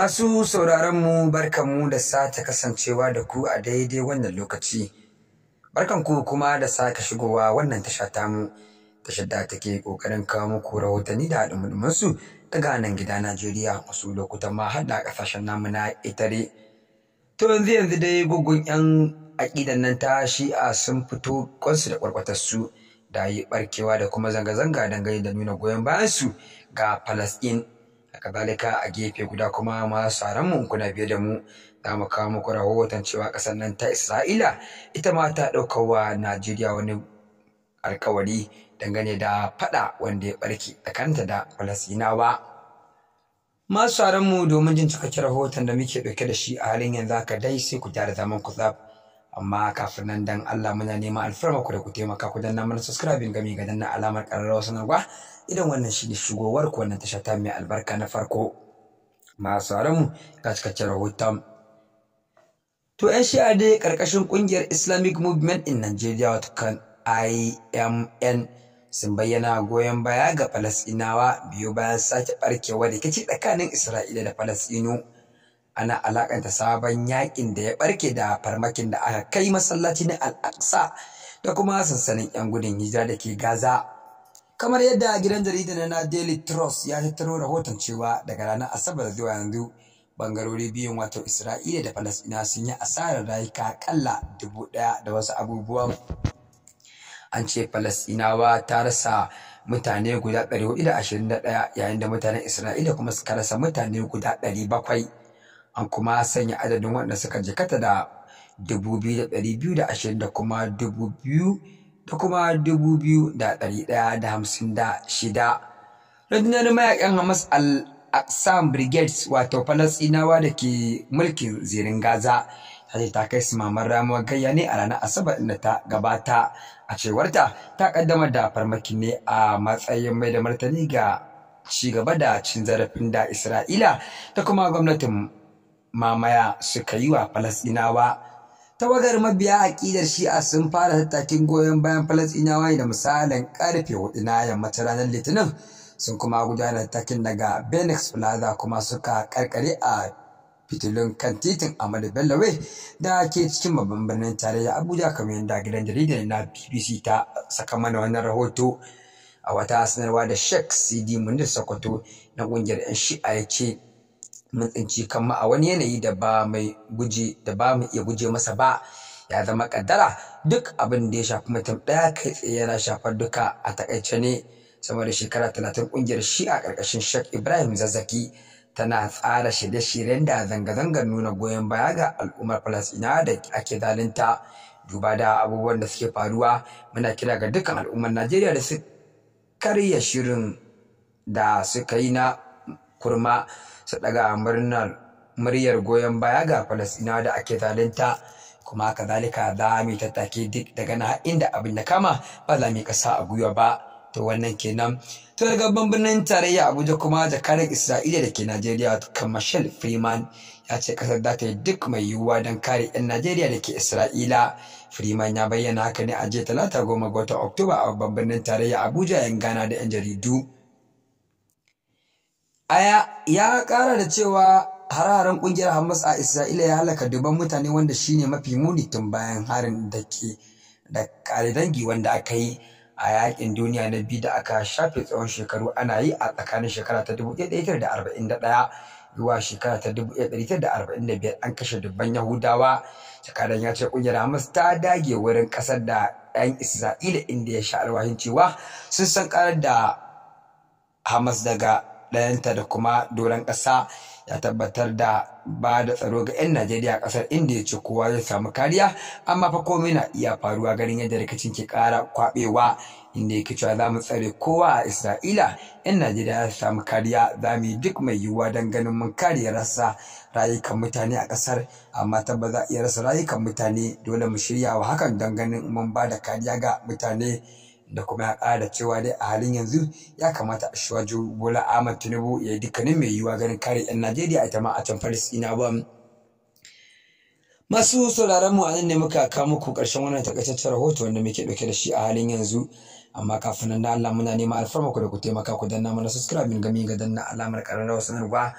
Masu sauraronmu barkanmu da sake kasancewa da ku a daidai wannan lokaci. barkan ku kuma da sake shigowa wannan tasha tamu, tashar da take ƙoƙarin kawo muku rahotanni da haɗin daga nan gida Najeriya wasu lokutan ma har da ƙasashen namu na itare. To yanzu yanzu dai gugun 'yan aƙidan nan ta shi'a sun fito kwansu da ƙwarƙwatarsu da yi ɓarkewa da kuma zanga-zanga dangane da nuna goyon bayansu ga Falasɗin. kazalika a gefe guda kuma masu mu kuna biye da mu za mu kawo muku rahoton cewa ƙasar nan ta isra'ila ita ma ta ɗaukar wa najeriya wani alkawari dangane da faɗa wanda ya ɓarke tsakanta da falasinawa masu mu domin jin cikakken rahoton da muke ɗauke da shi a halin yanzu haka dai sai ku da zaman ku tsaf amma kafin nan dan Allah muna neman alfarma ku da ku taimaka ku danna mana subscribing gami ga danna alamar ƙararrawar sanarwa idan wannan shi ne shigowar ku wannan tasha ta mai albarka na farko masu mu ga cikakken rahoton to yan shi'a dai ƙarƙashin ƙungiyar islamic movement in nigeria wato kan imn sun bayyana goyon baya ga falasɗinawa biyu bayan sake ɓarkewa rikici tsakanin isra'ila da falasɗinu ana alaƙanta sabon yaƙin da ya ɓarke da farmakin da aka kai masallaci na Al'aqsa, da kuma sansanin yan gudun hijira da ke gaza kamar yadda gidan jarida na daily trust ya tattaro rahoton cewa daga ranar asabar zuwa yanzu bangarori biyun wato isra'ila da falasɗina sun yi asarar rayuka kalla dubu ɗaya da wasu abubuwa an ce falasɗinawa ta rasa mutane guda ɗari da ashirin da ɗaya yayin da mutanen isra'ila kuma suka rasa mutane guda ɗari bakwai an kuma sanya adadin waɗanda suka jikata da dubu biyu da ɗari biyu da ashirin da kuma dubu biyu da kuma dubu biyu da ɗari ɗaya da hamsin da shida rundunar mayakan hamas al-aqsam brigades wato falastinawa da ke mulkin zirin gaza ta ce ta kai su mamar ramuwar gayya ne a ranar asabar inda ta gabata a cewarta ta kaddamar da farmaki ne a matsayin mai da martani ga ci gaba da cin zarafin da isra'ila da kuma gwamnatin mamaya suka yi wa falasɗinawa tawagar mabiya aƙidar shi'a sun fara tattakin goyon bayan falasɗinawa da misalin 'Karfe hudu na yammacin ranar litinin sun kuma gudanar tattakin daga benex plaza kuma suka karkare a fitilun kan titin Amadu Bello da ke cikin babban birnin tarayya Abuja kamar yadda gidan jaridar na BBC ta saka mana wannan rahoto a wata sanarwa da Sheikh Sidi Munir Sokoto na ƙungiyar 'yan shi'a ya ce mun tsinci kanmu a wani yanayi da ba mai guje da ba mu iya guje masa ba ya zama kaddara duk abin da ya shafi mutum ɗaya kai tsaye yana shafar duka a takaice ne sama da shekara talatin ƙungiyar shi a ƙarƙashin Sheikh ibrahim zazzaki tana tsara shirye-shiryen da zanga-zangar nuna goyon baya ga al'ummar falasina da ake zalunta duba da abubuwan da suke faruwa muna kira ga dukkan al'ummar najeriya da su karya shirin da suka yi na kurma su murnar muryar goyon baya ga falasɗinawa da ake zalunta kuma zalika za mu tattake duk daga na inda abin ya kama ba za mu kasa a gwiwa ba to wannan kenan to daga birnin tarayya abuja kuma jakarar isra'ila da ke najeriya kamashal freeman ya ce kasar za ta yi duk mai yiwuwa don kare 'yan najeriya da ke isra'ila freeman ya bayyana haka ne a jiya talata goma ga watan oktoba a babban birnin tarayya abuja yan gana da 'yan jaridu aya ya ƙara da cewa hararen ƙungiyar Hamas a Isra'ila ya halaka dubban mutane wanda shine mafi muni tun bayan harin da ke da kare dangi wanda aka yi a yaƙin duniya na biyu da aka shafe tsawon shekaru ana yi a tsakanin shekara ta 1941 zuwa shekara ta 1945 an kashe dubban Yahudawa jakadan ya ce ƙungiyar Hamas ta dage wurin ƙasar da 'yan Isra'ila inda ya sha alwahin cewa sun san ƙarar da Hamas daga ɗayanta da kuma doron ƙasa ya tabbatar da ba da tsaro ga 'yan Najeriya a ƙasar inda ya ce kowa ya samu kariya amma fa komai na iya faruwa ganin yadda rikicin ke ƙara kwaɓewa inda ya cewa za mu tsare kowa a Isra'ila 'yan Najeriya za samu kariya za mu yi duk mai yiwuwa don ganin mun kariya rasa rayukan mutane a ƙasar amma tabbas za a iya rasa rayukan mutane dole mu shirya wa hakan don ganin mun ba da kariya ga mutane. da kuma ya ƙara cewa dai a halin yanzu ya kamata a shiwaju bola ahmad tinubu ya yi dukkanin mai yiwuwa ganin kare 'yan najeriya ita ma a can falasɗina ba masu sauraron mu a nan ne muka kawo muku ƙarshen wannan takaitaccen rahoto wanda muke ɗauke da shi a halin yanzu amma kafin nan da Allah muna neman alfarma ku da ku taimaka ku danna mana subscribe min gami ga danna alamar ƙararrawar sanarwa